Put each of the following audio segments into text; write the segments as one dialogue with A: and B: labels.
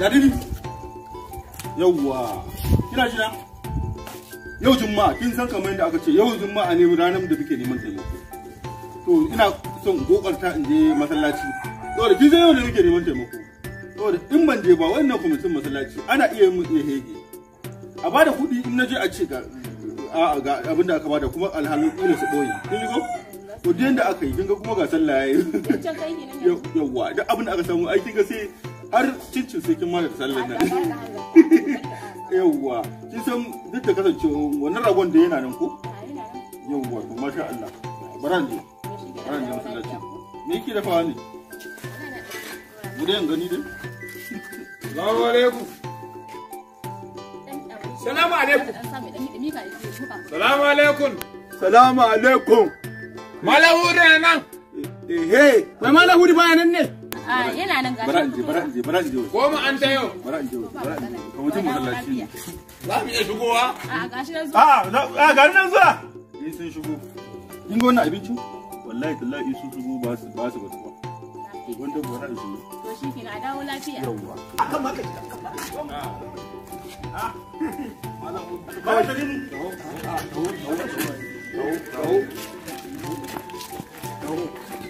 A: jariri yawwa kina jina yau juma'a kin san kamar yadda aka ce yau juma'a ne ranar da muke neman taimako to ina son kokarta in je masallaci saboda kin san yau da muke neman taimako saboda in ban je ba wannan kwamitin masallaci ana iya yin iya hege a bada kuɗi in naje a ce ga a'a ga abinda aka bada kuma alhalin ina su boye kin yi ko to da aka yi kin ga kuma ga sallah yayi yawwa duk abinda aka samu ai kin ga sai har cincin sai kin mara sallar nan yawwa kin san duk da kasance wannan ragon da yana nan ko yawwa to masha Allah baran je baran je masallaci me yake dafawa ne mu dai gani dai assalamu alaikum. assalamu alaikum. assalamu alaikum. assalamu alaikum. malahu Malahuri nan. eh mai eh, malahu baya nan ne. yana nan gashi bara in je bara in bara in an ta yau bara in je bara in mutum ne za mu iya shigowa a gashi nan zuwa a ni sun shigo kin ga abinci wallahi tallahi sun shigo ba su ba su ba wanda bara in shigo to shi kin dawo lafiya yawwa akan maka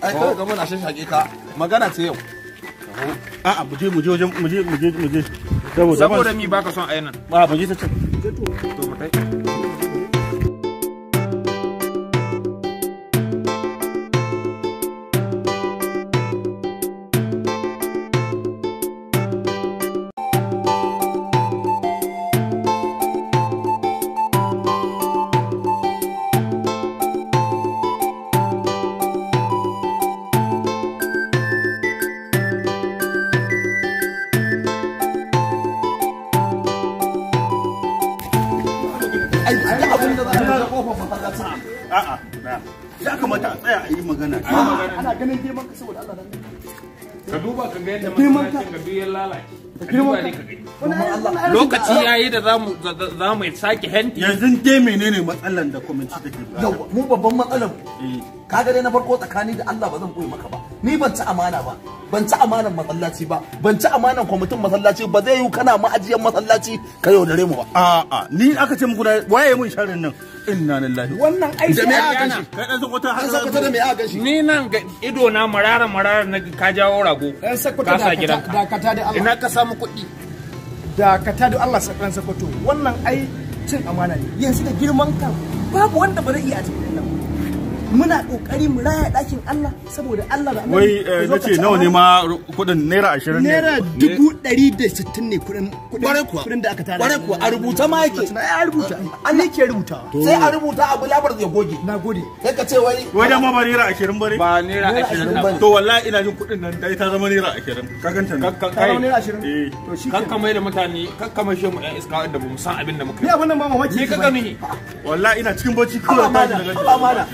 A: ai kawai ga muna shashage ka magana ce yau a'a mu muje muje wajen mu je mu saboda mi baka son ayi a mu ta to duk abin da za a ya kamata a tsaya a yi magana ana ganin saboda Allah ka duba ka ga yadda ya lalace lokaci ya yi da za mu sake henti yanzu ne menene matsalan da kwaminci take yawa mu babban matsalan eh. kaga dai na farko tsakani da Allah ba zan koyi maka ba ni ban ci amana ba ban ci amanan masallaci ba ban ci amanan kwamitin masallaci ba zai yi kana ma'ajiyar masallaci ka yaudare mu ba a'a ni aka ce muku da waye mun sharin nan inna lillahi wannan ai da me aka kai dan sokoto har sakwata da me aka gashi. ni nan ga ido na marara marara na ka jawo rago dan sakwata da gidanka dakata da Allah ina ka samu kuɗi dakata da Allah sakan sokoto wannan ai cin amana ne yanzu da girman ka babu wanda ba zai iya a cikin nan muna kokari mu raya dakin Allah saboda Allah da wai eh, nace nawa ne ma kudin naira 20 ne naira 160 ne kudin kudin da aka tara kware kuwa a rubuta ma yake a rubuta an ne ke rubuta sai a rubuta abu labar ya goge na gode sai ka ce wai wai da ma ba naira 20 bare ba naira 20 ba to wallahi ina jin kudin nan dai ta zama naira 20 ka ganta ne ka zama naira 20 eh. to shi kakka mai da mutane kakka mai shi mu ɗan iska da ba mu san abin da muka ni abin nan ba mamaki Ni ka gani wallahi ina cikin bacci kawai ta daga ma da.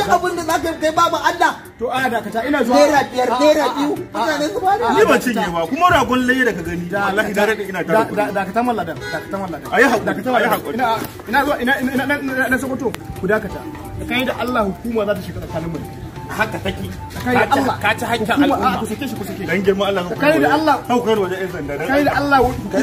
A: duk abin da zaka kai babu Allah to a dakata ina zuwa naira biyar naira biyu mutane su fara ni ba cinye ba kuma ragon laye daga gani da Allah ki dare ina tare dakata mallan da dakata mallan ayi hakuri dakata ayi hakuri ina ina zuwa ina ina na sokoto ku dakata kai da Allah hukuma za ta shiga tsakanin mu haka take ka ci hakkin al'umma ku sake shi ku sake dan Allah kai da Allah kau kai sanda kai da Allah kai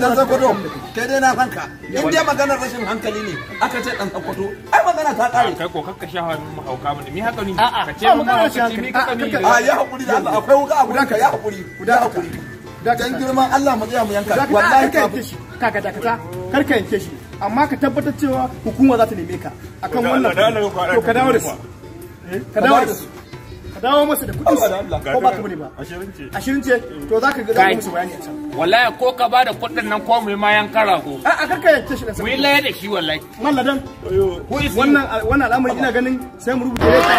A: kai na fanka in dai maganar rashin hankali ne aka ce dan sakwato ai magana ta kare kai ko kakka sha hannu mu hauka mu mi haka ni ka ce mu mi ka ni a ya hakuri da Allah akwai wuka abu ka ya hakuri guda hakuri dan girman Allah mu tsaya mu yanka wallahi ka kaka dakata kar ka yanke shi amma ka tabbatar cewa hukuma za ta neme ka akan wannan to ka eh, dawo da su ka dawo da su ka dawo masa da kuɗi ko ba ka bane ba ashirin ce to za ka gada musu bayani a can wallahi ko ka ba da kuɗin nan ko mu yi mayan karago a a karka yanke shi da sai mu da shi wallahi malladan wannan wannan al'amari ina ganin sai mu rubuta